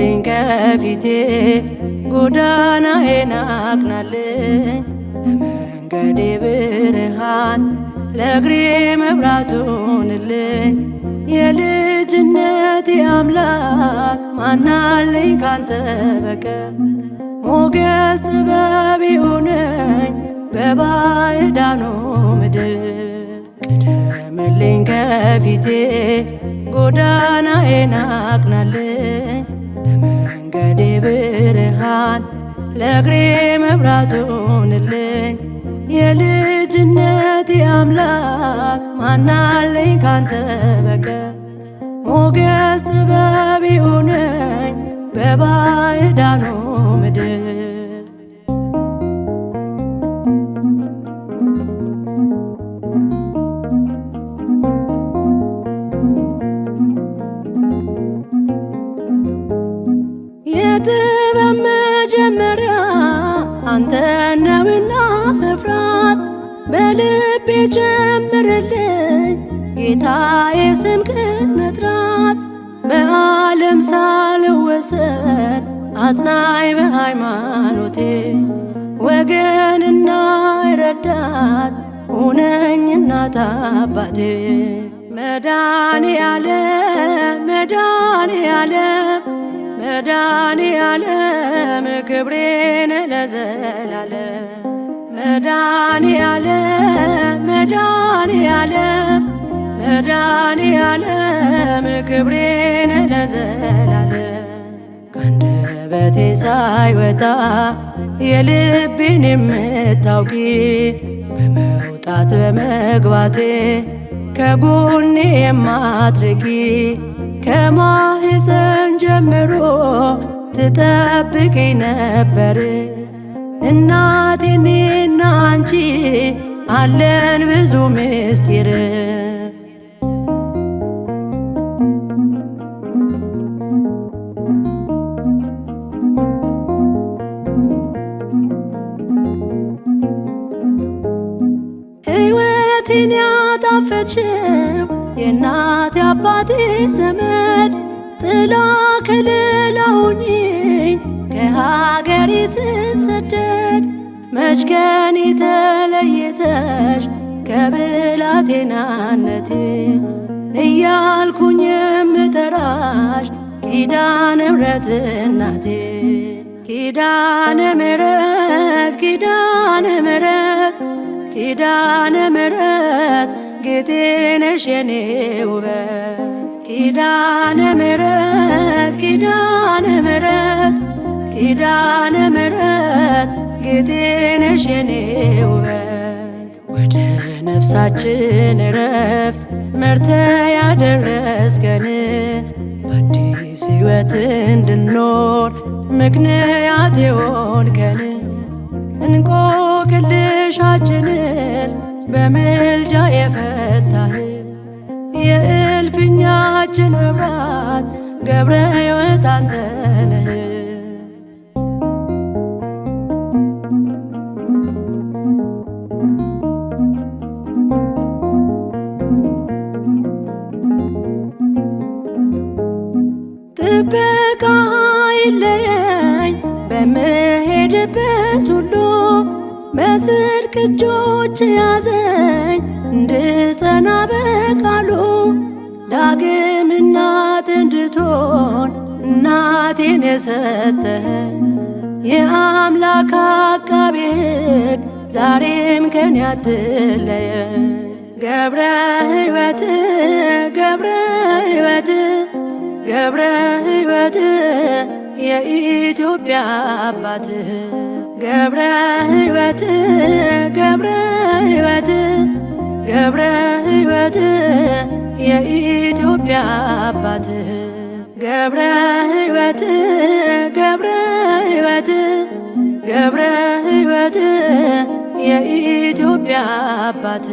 አቅናልኝ ከፊቴ ጎዳናዬን አቅናልኝ ለመንገዴ ብርሃን ለእግሬ መብራት ሁንልኝ የልጅነቴ አምላክ ማናለኝ ካንተ በቀር ሞገስ ጥበብ ሁነኝ በባዕዳኑ ምድር ቀደምልኝ ከፊቴ ጎዳናዬን አቅናልኝ መንገዴ ብርሃን ለእግሬ መብራቱ ሁንልኝ የልጅነቴ አምላክ ማናለኝ ካንተ በቀር ሞገስ ጥበብ ሁነኝ በባዕዳኑ ምድር ከጥበብ መጀመሪያ አንተን ነውና መፍራት በልቤ ጀምርልኝ ጌታዬ ስምህን መጥራት በዓለም ሳልወሰን አጽናኝ በሃይማኖቴ ወገንና ረዳት ሁነኝ እናት አባቴ መድኃኔዓለም ያለ መድኃኒዓለም ክብሬን ለዘላለም መድኃኒዓለም መድኃኒዓለም መድኃኒዓለም ክብሬን ለዘላለም ከአንደበቴ ሳይወጣ የልቤን የምታውቂ በመውጣት በመግባቴ ከጎኔ የማትርቂ ከማህፀን ጀምሮ ትጠብቀኝ ነበር እናቴ እኔና አንቺ አለን ብዙ ምስጢር ሕይወቴን ያጣፈችው የእናቴ አባቴ ዘመድ ጥላ ከለላ ሆነኝ ከሀገሬ ስሰደድ መች ከኔ ተለይተሽ ከብላቴናነቴ እያልኩኝ የምጠራሽ ኪዳነ ምሕረት እናቴ ኪዳነ ምሕረት ኪዳነ ምሕረት ኪዳነ ምሕረት ጌቴ ነሽ የኔ ውበት ኪዳነ ምሕረት ኪዳነ ምሕረት ኪዳነ ምሕረት ጌቴ ነሽ የኔ ውበት ወደ ነፍሳችን እረፍት መርተ ያደረስከን በአዲስ ሕይወት እንድኖር ምክንያት የሆንከን እንቆቅልሻችንን በምልጃ የልባችን መብራት ገብረ ሕይወት አንተ ነህ። ጥበቃ አይለየኝ በምሄድበት ሁሉ በጽድቅ እጆች ያዘኝ እንድጸና በቃሉ ዳግም እናት እንድትሆን እናቴን የሰጠኝ የአምላክ አቃቤ ሕግ ዛሬም ከኔ አትለየ ገብረ ሕይወት ገብረ ሕይወት ገብረ ሕይወት የኢትዮጵያ አባት ገብረ ሕይወት ገብረ ሕይወት ገብረ ሕይወት የኢትዮጵያ አባት ገብረ ሕይወት ገብረ ሕይወት ገብረ ሕይወት የኢትዮጵያ አባት